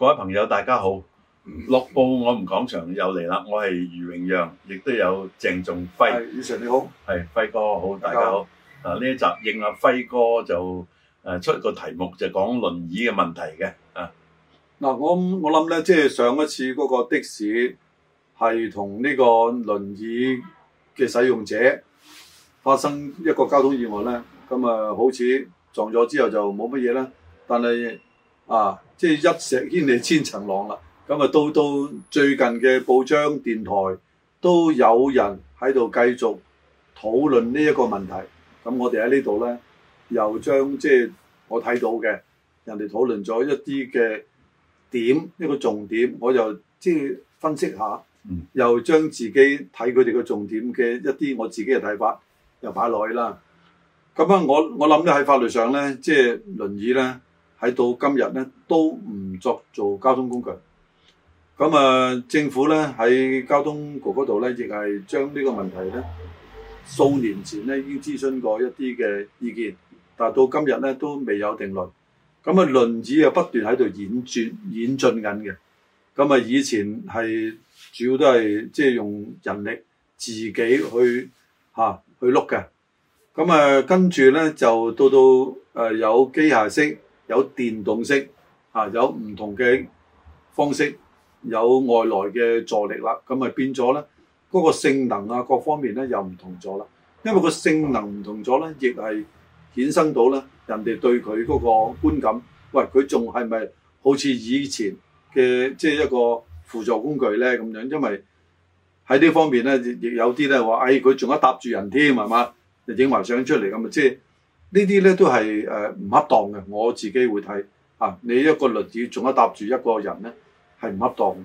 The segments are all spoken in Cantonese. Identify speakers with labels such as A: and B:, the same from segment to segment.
A: 各位朋友，大家好！樂、嗯、布我唔講長又嚟啦，我係余永揚，亦都有鄭仲輝。以 s 你好，係輝哥好，大家好。嗱、啊、呢一集應阿、啊、輝哥就誒、啊、出一個
B: 題目就講輪椅嘅問題嘅。啊嗱、啊，我我諗咧，即、就、係、是、上一次嗰個的士係同呢個輪椅嘅使用者發生一個交通意外咧，咁啊好似撞咗之後就冇乜嘢啦，但係啊。即、就、係、是、一石牽起千層浪啦，咁啊到到最近嘅報章電台都有人喺度繼續討論呢一個問題，咁我哋喺呢度咧又將即係、就是、我睇到嘅人哋討論咗一啲嘅點一個重點，我又即係分析下、嗯，又將自己睇佢哋嘅重點嘅一啲我自己嘅睇法又擺落去啦。咁啊，我我諗咧喺法律上咧，即係輪椅咧。喺到今日咧，都唔作做，做交通工具。咁啊，政府咧喺交通局嗰度咧，亦係將呢個問題咧，數年前咧已經諮詢過一啲嘅意見，但到今日咧都未有定論。咁啊，輪椅又不斷喺度演轉演進緊嘅。咁啊，以前係主要都係即係用人力自己去吓、啊、去碌嘅。咁啊，跟住咧就到到誒、呃、有機械式。有電動式啊，有唔同嘅方式，有外來嘅助力啦，咁咪變咗咧？嗰個性能啊，各方面咧又唔同咗啦。因為個性能唔同咗咧，亦係衍生到咧人哋對佢嗰個觀感。喂，佢仲係咪好似以前嘅即係一個輔助工具咧咁樣？因為喺呢方面咧，亦有啲咧話：誒，佢仲一搭住人添，係嘛？又影埋相出嚟咁啊，即係。呢啲咧都係唔恰當嘅，我自己會睇啊你一個律師，仲一搭住一個人咧，係唔恰當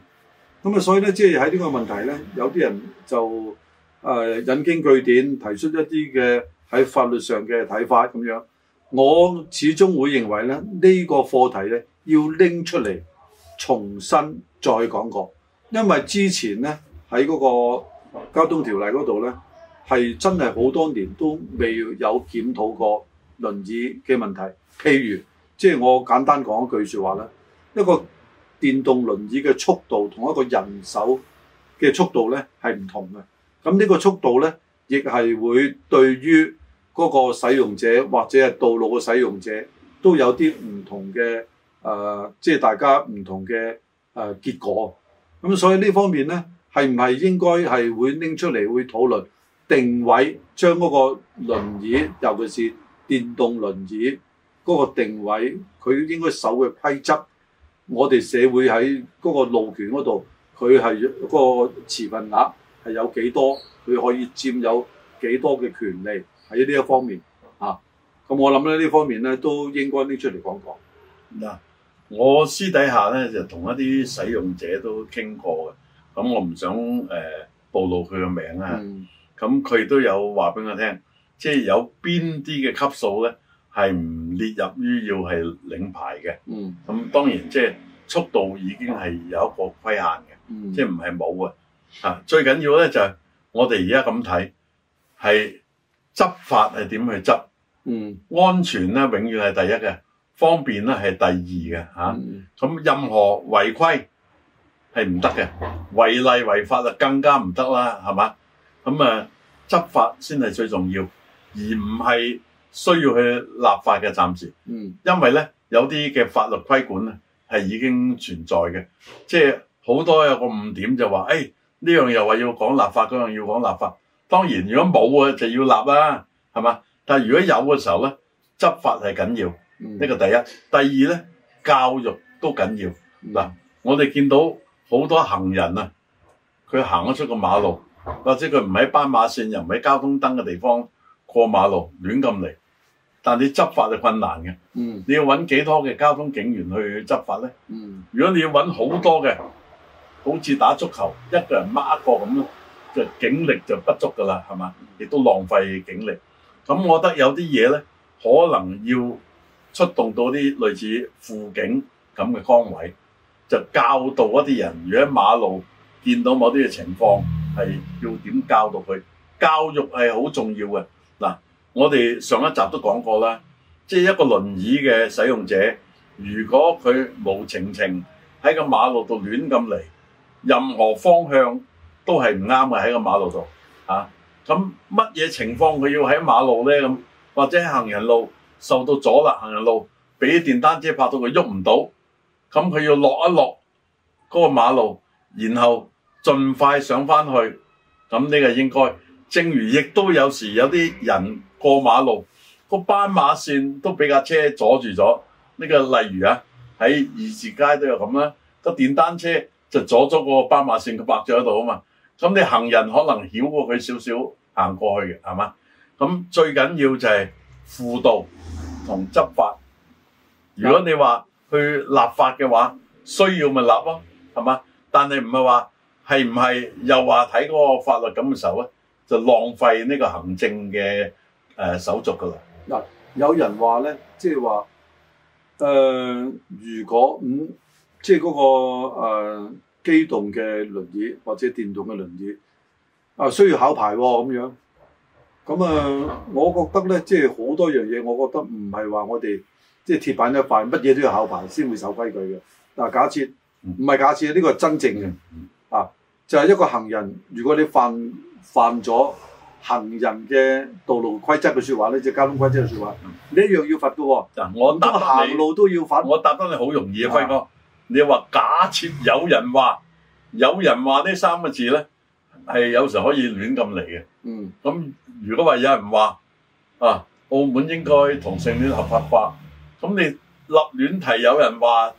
B: 咁啊，所以咧，即係喺呢個問題咧，有啲人就誒引經據典，提出一啲嘅喺法律上嘅睇法咁樣。我始終會認為咧，呢個課題咧要拎出嚟重新再講過，因為之前咧喺嗰個交通條例嗰度咧，係真係好多年都未有檢討過。輪椅嘅問題，譬如即係我簡單講一句説話咧，一個電動輪椅嘅速度同一個人手嘅速度咧係唔同嘅。咁呢個速度咧，亦係會對於嗰個使用者或者係道路嘅使用者都有啲唔同嘅誒、呃，即係大家唔同嘅誒、呃、結果。咁所以呢方面咧，係唔係應該係會拎出嚟會討論定位將嗰個輪椅尤其是？電動輪椅嗰、那個定位，佢應該守嘅規則，我哋社會喺嗰個路權嗰度，佢係嗰個持份額係有幾多，佢可以佔有幾多嘅權利喺呢一方面啊。咁我諗咧呢方面咧都應該拎出嚟講講。嗱，我私底下咧就同一啲使用者都傾
A: 過嘅，咁我唔想誒、呃、暴露佢嘅名啊。咁、嗯、佢都有話俾我聽。即係有邊啲嘅級數咧，係唔列入於要係領牌嘅。嗯，咁當然即係速度已經係有一個規限嘅。嗯，即係唔係冇嘅。啊，最緊要咧就係我哋而家咁睇，係執法係點去執？嗯，安全咧永遠係第一嘅，方便咧係第二嘅嚇。咁、啊嗯、任何違規係唔得嘅，違例違法就更加唔得啦，係嘛？咁啊執法先係最重要。而唔係需要去立法嘅，暫時，嗯，因為咧有啲嘅法律規管咧係已經存在嘅，即係好多有個誤點就話，誒呢樣又話要講立法，嗰樣要講立法。當然如果冇嘅就要立啦，係嘛？但係如果有嘅時候咧，執法係緊要呢、嗯呢個第一。第二咧教育都緊要嗱。我哋見到好多行人啊，佢行咗出個馬路，或者佢唔喺斑馬線，又唔喺交通燈嘅地方。過馬路亂咁嚟，但你執法就困難嘅。嗯，你要揾幾多嘅交通警員去執法咧？嗯，如果你要揾好多嘅，好似打足球，一個人掹一個咁咧，就警力就不足噶啦，係嘛？亦都浪費警力。咁我覺得有啲嘢咧，可能要出動到啲類似輔警咁嘅崗位，就教導一啲人，如果喺馬路見到某啲嘅情況，係要點教導佢？教育係好重要嘅。嗱，我哋上一集都講過啦，即係一個輪椅嘅使用者，如果佢無情情喺個馬路度亂咁嚟，任何方向都係唔啱嘅喺個馬路度啊。咁乜嘢情況佢要喺馬路咧？咁或者喺行人路受到阻啦，行人路俾電單車拍到佢喐唔到，咁佢要落一落嗰個馬路，然後盡快上翻去，咁呢個應該。正如亦都有時有啲人過馬路，個斑馬線都俾架車阻住咗。呢個例如啊，喺二字街都有咁啦。個電單車就阻咗個斑馬線佢白咗喺度啊嘛。咁你行人可能繞過佢少少行過去嘅，係嘛？咁最緊要就係輔導同執法。如果你話去立法嘅話，需要咪立咯、啊，係嘛？但你唔係話係唔係又話睇嗰個法律咁嘅時候啊？就浪費呢個行
B: 政嘅誒手續噶啦。嗱，有人話咧，即係話誒，如果咁即係嗰個誒、呃、機動嘅輪椅或者電動嘅輪椅啊，需要考牌喎、哦、咁樣。咁啊，我覺得咧，即係好多樣嘢，我覺得唔係話我哋即係鐵板一塊，乜嘢都要考牌先會守規矩嘅。嗱，假設唔係假設，呢個係真正嘅、嗯嗯、啊。就係一個行人，如果你犯犯咗行人嘅道路規則嘅說話呢，即係交通規則嘅說話，你一樣要罰嘅喎。我答得你行路都要罰，我答得你好容易啊，輝哥。你話假設有人話，
A: 有人話呢三個字咧，係有時候可以亂咁嚟嘅。嗯，咁如果話有人話啊，澳門應該同性戀合法化，咁你立亂題有人話。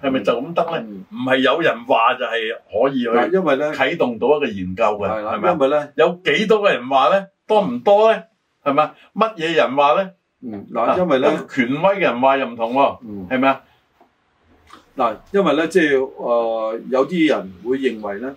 A: 係咪就咁得咧？唔、嗯、係有人話就係可以去，因為咧啟動到一個研究嘅，係咪？因為咧有幾多個人話咧，多唔多咧？係咪？乜嘢人話咧？嗯，
B: 嗱、啊嗯，因為
A: 咧權威嘅人話又唔同
B: 喎，係咪啊？嗱，因為咧即係誒，有啲人會認為咧，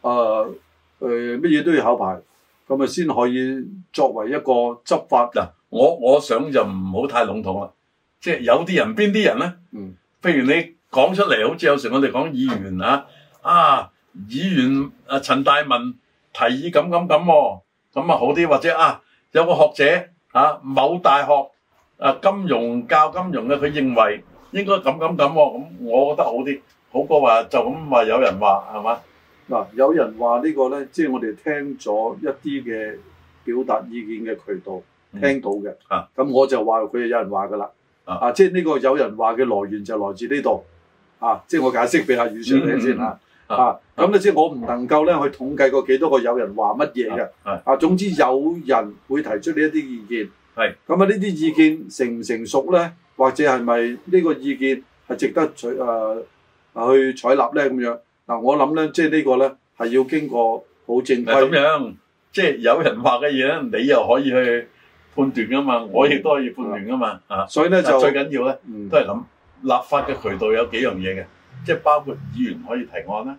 B: 誒誒乜嘢都要考牌，咁啊先可以作為一個執法。嗱、嗯，我我想就唔好太籠統啦，即、就、係、是、有啲人邊啲人咧？
A: 嗯，譬如你。講出嚟，好似有時我哋講議員啊，啊議員啊陳大文提議咁咁咁，咁啊好啲，或者啊有個學者啊某大學啊金融教金融嘅，佢認為應該咁咁咁，咁、啊、我覺得好啲，好過話、啊、就咁話有人話係
B: 嘛？嗱，有人話呢、這個咧，即、就、係、是、我哋聽咗一啲嘅表達意見嘅渠道、嗯、聽到嘅，咁、啊、我就話佢有人話噶啦，啊即係呢個有人話嘅來源就來自呢度。啊！即係我解釋俾阿宇常聽先吓，啊咁、啊、你知我唔能夠咧去統計過幾多個有人話乜嘢嘅，啊，啊總之有人會提出呢一啲意見，係、嗯、咁啊呢啲意見成唔成熟咧，或者係咪呢個意見係值得取誒、呃、去採納咧咁樣？嗱我諗咧，即係呢個咧係要經過好正規，咁樣即係、就是、有人話嘅嘢
A: 咧，你又可以去判斷噶嘛，我亦都可以判斷噶嘛、嗯啊，所以咧就最緊要咧、嗯、都係諗。立法嘅渠道有幾樣嘢嘅，即係包括議員可以提案啦。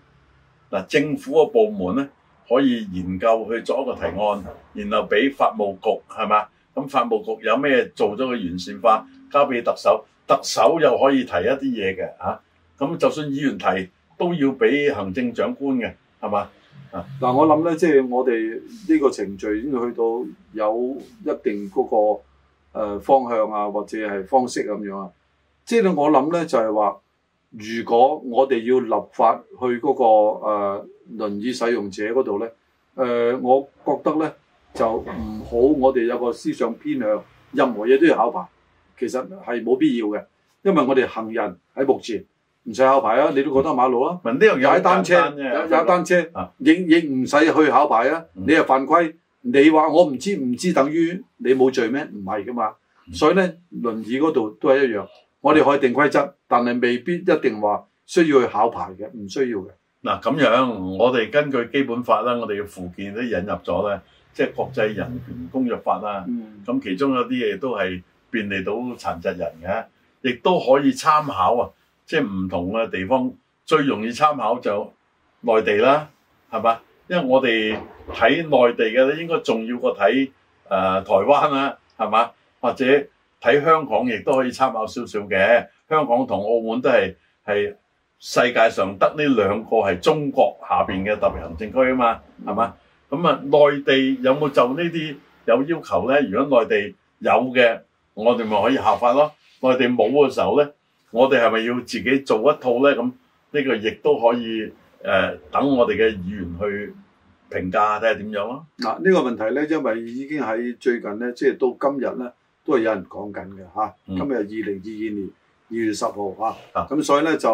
A: 嗱，政府嘅部門咧可以研究去做一個提案，然後俾法務局係嘛？咁法務局有咩做咗個完善化，交俾特首。特首又可以提一啲嘢嘅嚇。咁就算議員提，都要俾行政
B: 長官嘅係嘛？嗱，啊，我諗咧，即係我哋呢個程序已經去到有一定嗰個呃方向啊，或者係方式咁樣啊。即係我諗咧就係、是、話，如果我哋要立法去嗰、那個誒輪、呃、椅使用者嗰度咧，誒、呃、我覺得咧就唔好我哋有個思想偏向， 任何嘢都要考牌，其實係冇必要嘅，因為我哋行人喺目前唔使考牌啊，你都覺得馬路啊，踩單車，踩單，單，單車亦亦唔使去考牌啊，你又、啊、犯規，你話我唔知唔知，等於你冇罪咩？唔係噶嘛，所以咧輪椅嗰度都係一樣。我哋可以定規則，但係未必一定話需要去考牌嘅，唔需要嘅。嗱咁
A: 樣，我哋根據基本法啦，我哋嘅附件都引入咗咧，即係國際人權公約法啦。咁、嗯、其中有啲嘢都係便利到殘疾人嘅，亦都可以參考啊。即係唔同嘅地方最容易參考就內地啦，係嘛？因為我哋睇內地嘅咧，應該重要過睇、呃、台灣啦，係嘛？或者。睇香港亦都可以參考少少嘅，香港同澳門都係係世界上得呢兩個係中國下面嘅特別行政區啊嘛，係嘛？咁啊，內地有冇就呢啲有要求咧？如果內地有嘅，我哋咪可以效法咯。內地冇嘅時候咧，我哋係咪要自己做一套咧？咁呢個亦都可以誒、呃，
B: 等我哋嘅議員去評價睇下點樣咯。嗱、啊，呢、這個問題咧，因為已經喺最近咧，即係到今日咧。都係有人講緊嘅嚇，今日係二零二二年二月十號嚇，咁、嗯啊、所以咧就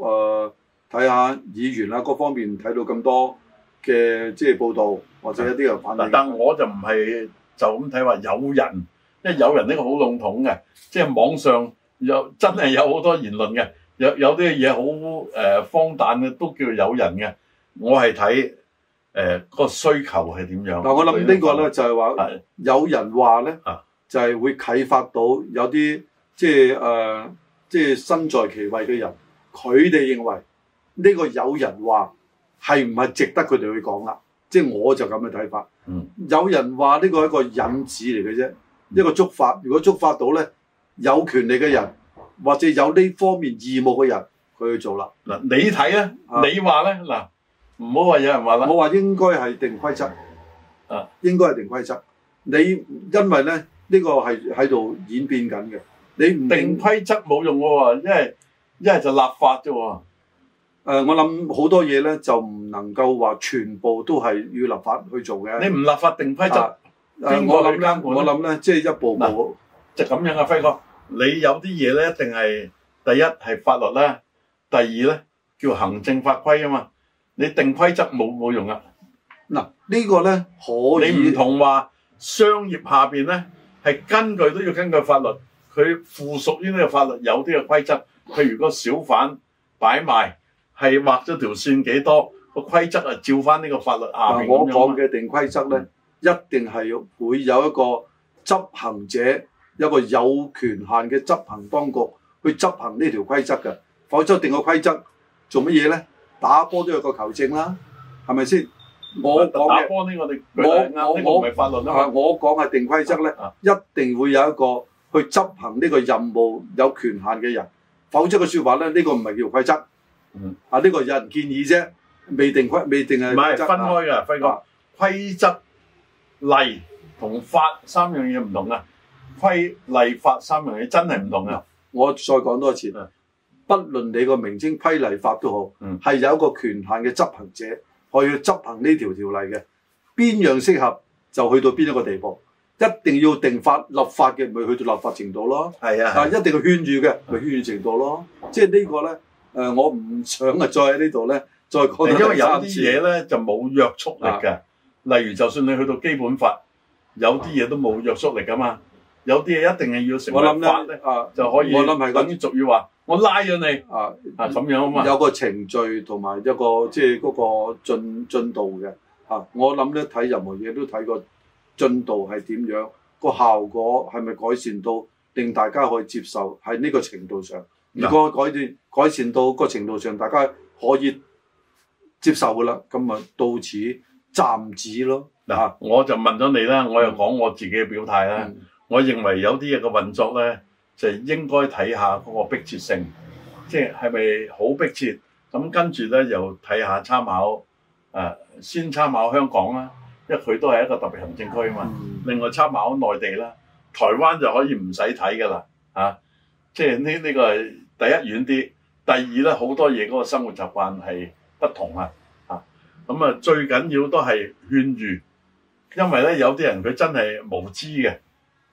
B: 誒睇下議員啊各方面睇到咁多嘅即係報道，或者一啲嘅反彈。但我就唔係
A: 就咁睇話有人，因為有人呢個好籠統嘅，即係網上有真係有好多言論嘅，有有啲嘢好誒荒誕嘅，都叫有人嘅。我係睇誒嗰個需求係點樣。嗱，我諗呢
B: 個咧就係、是、話、啊、有人話咧。啊就係會啟發到有啲即係誒，即係，呃，身在其位嘅人，佢哋認為呢個有人話係唔係值得佢哋去講啦？即係我就咁嘅睇法。嗯，有人話呢個係一個引子嚟嘅啫，一個觸發。如果觸發到咧，有權利嘅人或者有呢方面義務嘅人，佢去做啦。嗱，你睇啦，你話咧，嗱，唔好話有人話啦，我話應該係定規則，啊，應該係定規則。你因為咧？呢、這個係喺度演變緊嘅，你定規則冇用喎，因為一係就立法啫喎、呃。我諗好多嘢咧，就唔能夠話全部都係要立法去做嘅。你唔立法定規則，呃呃呃、我諗咧，即係、就是、一步步就咁樣啊，輝哥。你有啲嘢咧，一定
A: 係第一係法律啦，第二咧叫行政法規啊嘛。你定規則冇冇用啊？嗱，呢、這個咧可以。你唔同話商業下邊咧？係根據都要根據法律，佢附屬於呢個法律有啲嘅規則。佢如果小販擺賣，係劃咗條線幾多
B: 個規則啊？照翻呢個法律下面咗嘛？我講嘅定規則咧，一定係要會有一個執行者，一個有權限嘅執行當局去執行呢條規則嘅。否則定個規則做乜嘢咧？打波都有個球證啦，係咪先？我講
A: 咧，我我、這個唔係法律，我
B: 講係定規則咧，一定會有一個去執行呢個任務有權限嘅人，否則嘅說話咧，呢個唔係叫規則。啊，呢個有人建議啫，未定規，未定啊。唔係分開噶，分開、規則例同法三樣嘢唔同噶，規例法三樣嘢真係唔同噶。我再講多一次啊，不論你個名稱、規例、法都好，係有一個權限嘅執行者。我要執行呢條條例嘅，邊樣適合就去到邊一個地步，一定要定法立法嘅，咪去到立法程度咯。係啊，但一定要圈住嘅，咪圈住程度咯。即係呢個咧，我唔想啊，再喺呢度咧，再講因為有啲嘢咧就冇約束力嘅，例如就算你去到基本法，有
A: 啲嘢都冇約束力噶嘛。有啲嘢一定係要成日法咧
B: 就可以。我諗係等於俗語話。我拉咗你啊！咁、啊、樣啊嘛，有個程序同埋一個即係嗰個進進度嘅嚇、啊。我諗咧睇任何嘢都睇個進度係點樣，個、啊、效果係咪改善到，令大家可以接受，喺呢個程度上。啊、如果改善改善到個程度上，大家可以接受噶啦，咁咪到此暫止咯。嗱、啊啊，我就問咗你啦，我又講
A: 我自己嘅表態啦、嗯。我認為有啲嘢嘅運作咧。就應該睇下嗰個迫切性，即係係咪好迫切？咁跟住咧又睇下參考、啊，先參考香港啦，因為佢都係一個特別行政區啊嘛。另外參考內地啦，台灣就可以唔使睇噶啦，即係呢呢個係、這個、第一遠啲，第二咧好多嘢嗰個生活習慣係不同啦，嚇、啊！咁啊最緊要都係勸喻，因為咧有啲人佢真係無知嘅，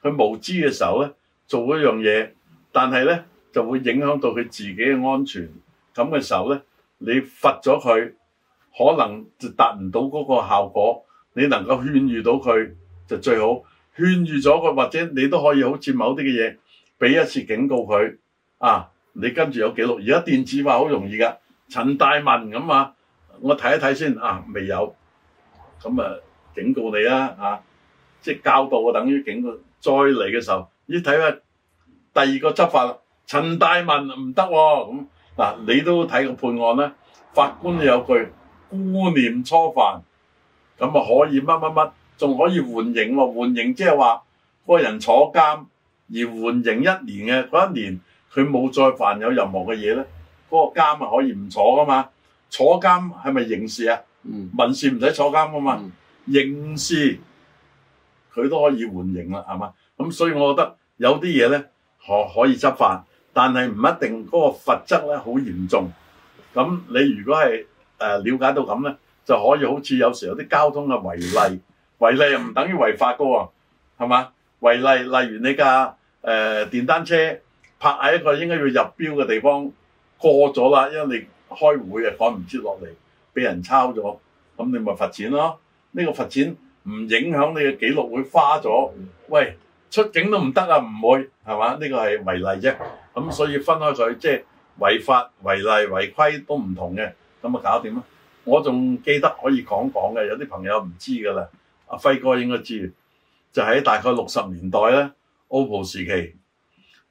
A: 佢無知嘅時候咧。做一樣嘢，但係咧就會影響到佢自己嘅安全。咁嘅時候咧，你罰咗佢，可能就達唔到嗰個效果。你能夠勸喻到佢就最好，勸喻咗佢或者你都可以好似某啲嘅嘢，俾一次警告佢。啊，你跟住有記錄，而家電子化好容易噶。陳大文咁啊，我睇一睇先啊，未有。咁啊，警告你啦啊，即係教導啊，等於警告再嚟嘅時候。你睇下第二個執法啦，陳大文唔得喎，咁嗱你都睇過判案啦，法官有句，孤念初犯，咁啊可以乜乜乜，仲可以緩刑喎，緩刑即係話嗰人坐監而緩刑一年嘅嗰一年佢冇再犯有任何嘅嘢咧，嗰個監啊可以唔坐噶嘛，坐監係咪刑事啊？民事唔使坐監噶嘛，嗯，刑事佢都可以緩刑啦，係嘛？咁所以我覺得。有啲嘢咧可可以執法，但係唔一定嗰個罰則咧好嚴重。咁你如果係誒瞭解到咁咧，就可以好似有時有啲交通嘅違例，違例又唔等於違法㗎喎，係嘛？違例例如你架誒、呃、電單車泊喺一個應該要入標嘅地方過咗啦，因為你開會啊趕唔切落嚟，俾人抄咗，咁你咪罰錢咯。呢個罰錢唔影響你嘅記錄，會花咗。喂！出境都唔得啊，唔會係嘛？呢、這個係違例啫，咁所以分開佢，即係違法、違例、違規都唔同嘅。咁啊搞掂啦。我仲記得可以講講嘅，有啲朋友唔知噶啦。阿輝哥應該知，就喺、是、大概六十年代咧，Oppo 時期，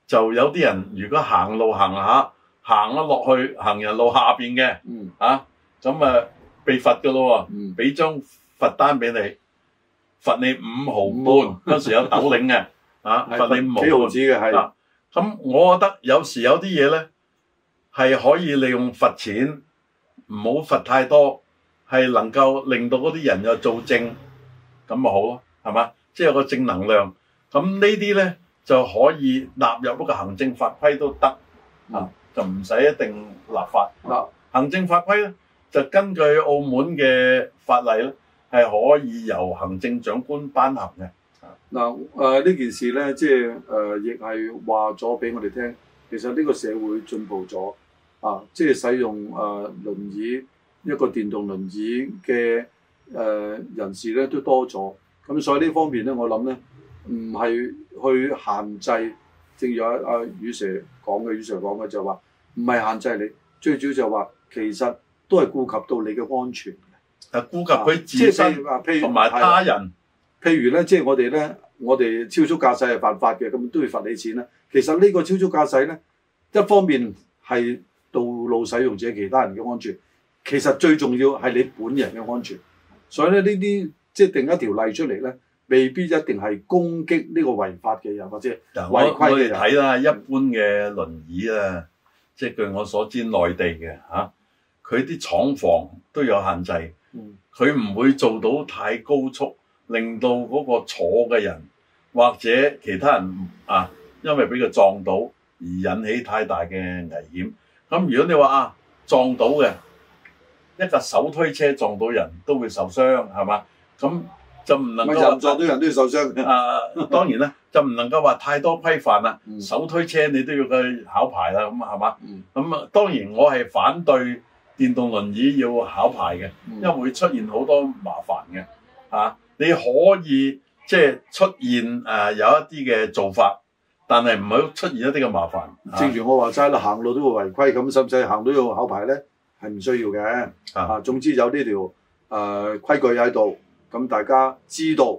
A: 就有啲人如果行路行下，行咗落去行人路下邊嘅，嗯，啊，咁啊被罰噶咯喎，俾張罰單俾你。罰你五毫半，有時有倒領嘅，啊罰你五毫子嘅係。咁、啊、我覺得有時有啲嘢咧，係可以利用罰錢，唔好罰太多，係能夠令到嗰啲人又做正，咁咪好咯，係嘛？即係有個正能量。咁呢啲咧就可以納入嗰個行政法規都得、嗯，啊就唔使一定立法。嗯、行政法規咧就根據
B: 澳門嘅法例咧。係可以由行政長官頒行嘅。嗱，誒呢件事咧，即係誒亦係話咗俾我哋聽。其實呢個社會進步咗，啊，即係使用誒輪椅一個電動輪椅嘅誒人士咧都多咗。咁所以呢方面咧，我諗咧唔係去限制。正如阿阿宇 Sir 講嘅，宇 Sir 講嘅就係話唔係限制你，最主要就話其實都係顧及到你嘅安全。誒，顧及佢自身同埋他人。啊、譬，譬，譬如咧，即係我哋咧，我哋超速駕駛係犯法嘅，咁都要罰你錢啦。其實呢個超速駕駛咧，一方面係道路使用者、其他人嘅安全，其實最重要係你本人嘅安全。所以咧，呢啲即係定一條例出嚟咧，未必一定係攻擊呢個違法嘅人或者違規嘅人。我哋睇啦，一般嘅輪椅
A: 啊，即係據我所知，內地嘅嚇，佢啲廠房都有限制。嗯，佢唔會做到太高速，令到嗰個坐嘅人或者其他人啊，因為俾佢撞到而引起太大嘅危險。咁、嗯、如果你話啊撞到嘅，一架手推車撞到人都會受傷，係嘛？咁、嗯、就唔能夠撞到人都要受傷啊， 啊！當然啦，就唔能夠話太多規範啦、嗯。手推車你都要去考牌啦，咁係嘛？咁、嗯、啊、嗯嗯，當然我係反對。電動輪椅要考牌嘅，因為會出現好多麻煩嘅。嚇、啊，你可以即係出現誒、呃、有一啲嘅做法，但係唔好出現一啲嘅麻煩。
B: 正如我話齋啦，行、啊、路都會違規，咁使唔使行到要考牌咧？係唔需要嘅、啊。啊，總之有呢條誒、呃、規矩喺度，咁大家知道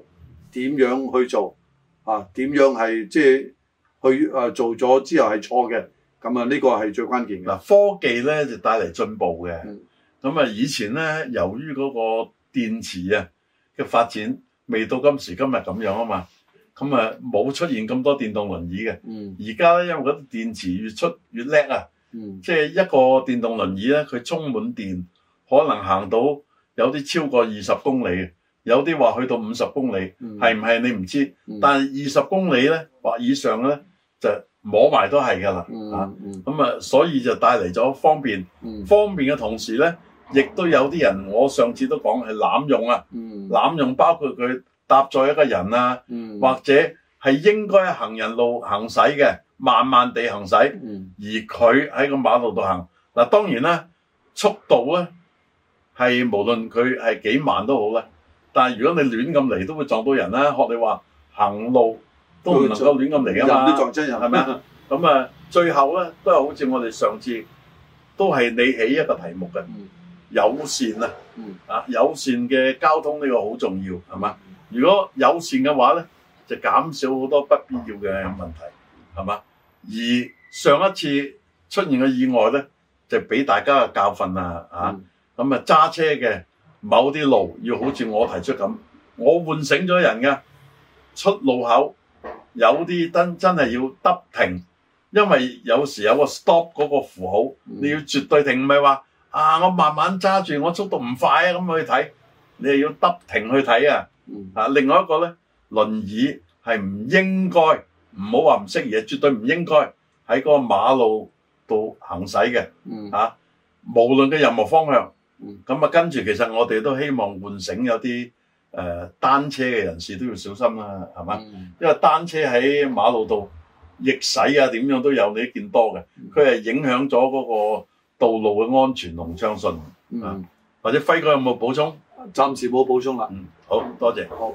B: 點樣去做啊？點樣係即係去誒、呃、做咗之後係錯嘅。咁啊，呢個係最關鍵嘅。科技咧就帶嚟進步嘅。咁、嗯、啊，以前咧
A: 由於嗰個電池啊嘅發展未到今時今日咁樣啊嘛，咁啊冇出現咁多電動輪椅嘅。而家咧，因為嗰啲電池越出越叻啊、嗯，即係一個電動輪椅咧，佢充滿電可能行到有啲超過二十公里，有啲話去到五十公里，係唔係你唔知、嗯？但係二十公里咧或以上咧就。摸埋都係噶啦，啊、嗯、咁、嗯、啊，所以就帶嚟咗方便。嗯、方便嘅同時咧，亦都有啲人，我上次都講係濫用啊，濫、嗯、用包括佢搭載一個人啊，嗯、或者係應該行人路行駛嘅，慢慢地行駛、嗯，而佢喺個馬路度行。嗱、啊，當然啦，速度咧係無論佢係幾慢都好啦，但係如果你亂咁嚟，都會撞到人啦、啊，學你話行路。
B: 都唔能夠亂咁嚟啊！啲撞真，
A: 人係咪咁啊， 最後咧都係好似我哋上次都係你起一個題目嘅友、嗯、善啊！啊、嗯，友善嘅交通呢個好重要係嘛、嗯？如果友善嘅話咧，就減少好多不必要嘅問題係嘛、啊？而上一次出現嘅意外咧，就俾大家嘅教訓啊！嗯、啊，咁啊揸車嘅某啲路要好似我提出咁、嗯，我喚醒咗人嘅出路口。有啲燈真係要揼停，因為有時有個 stop 嗰個符號，你要絕對停，唔係話啊我慢慢揸住，我速度唔快啊咁去睇，你係要揼停去睇啊。啊，另外一個咧，輪椅係唔應該，唔好話唔適宜，絕對唔應該喺嗰個馬路度行駛嘅。嚇，無論嘅任何方向，咁啊跟住，其實我哋都希望喚醒有啲。誒、呃、單車嘅人士都要小心啦，啊，係嘛，嗯？因為單車喺馬路度逆駛啊，點樣都有你一見多嘅，佢係影響咗嗰個道路嘅安全同暢順啊。或者輝哥
B: 有冇補充？暫時冇補充啦。嗯，好多謝。好。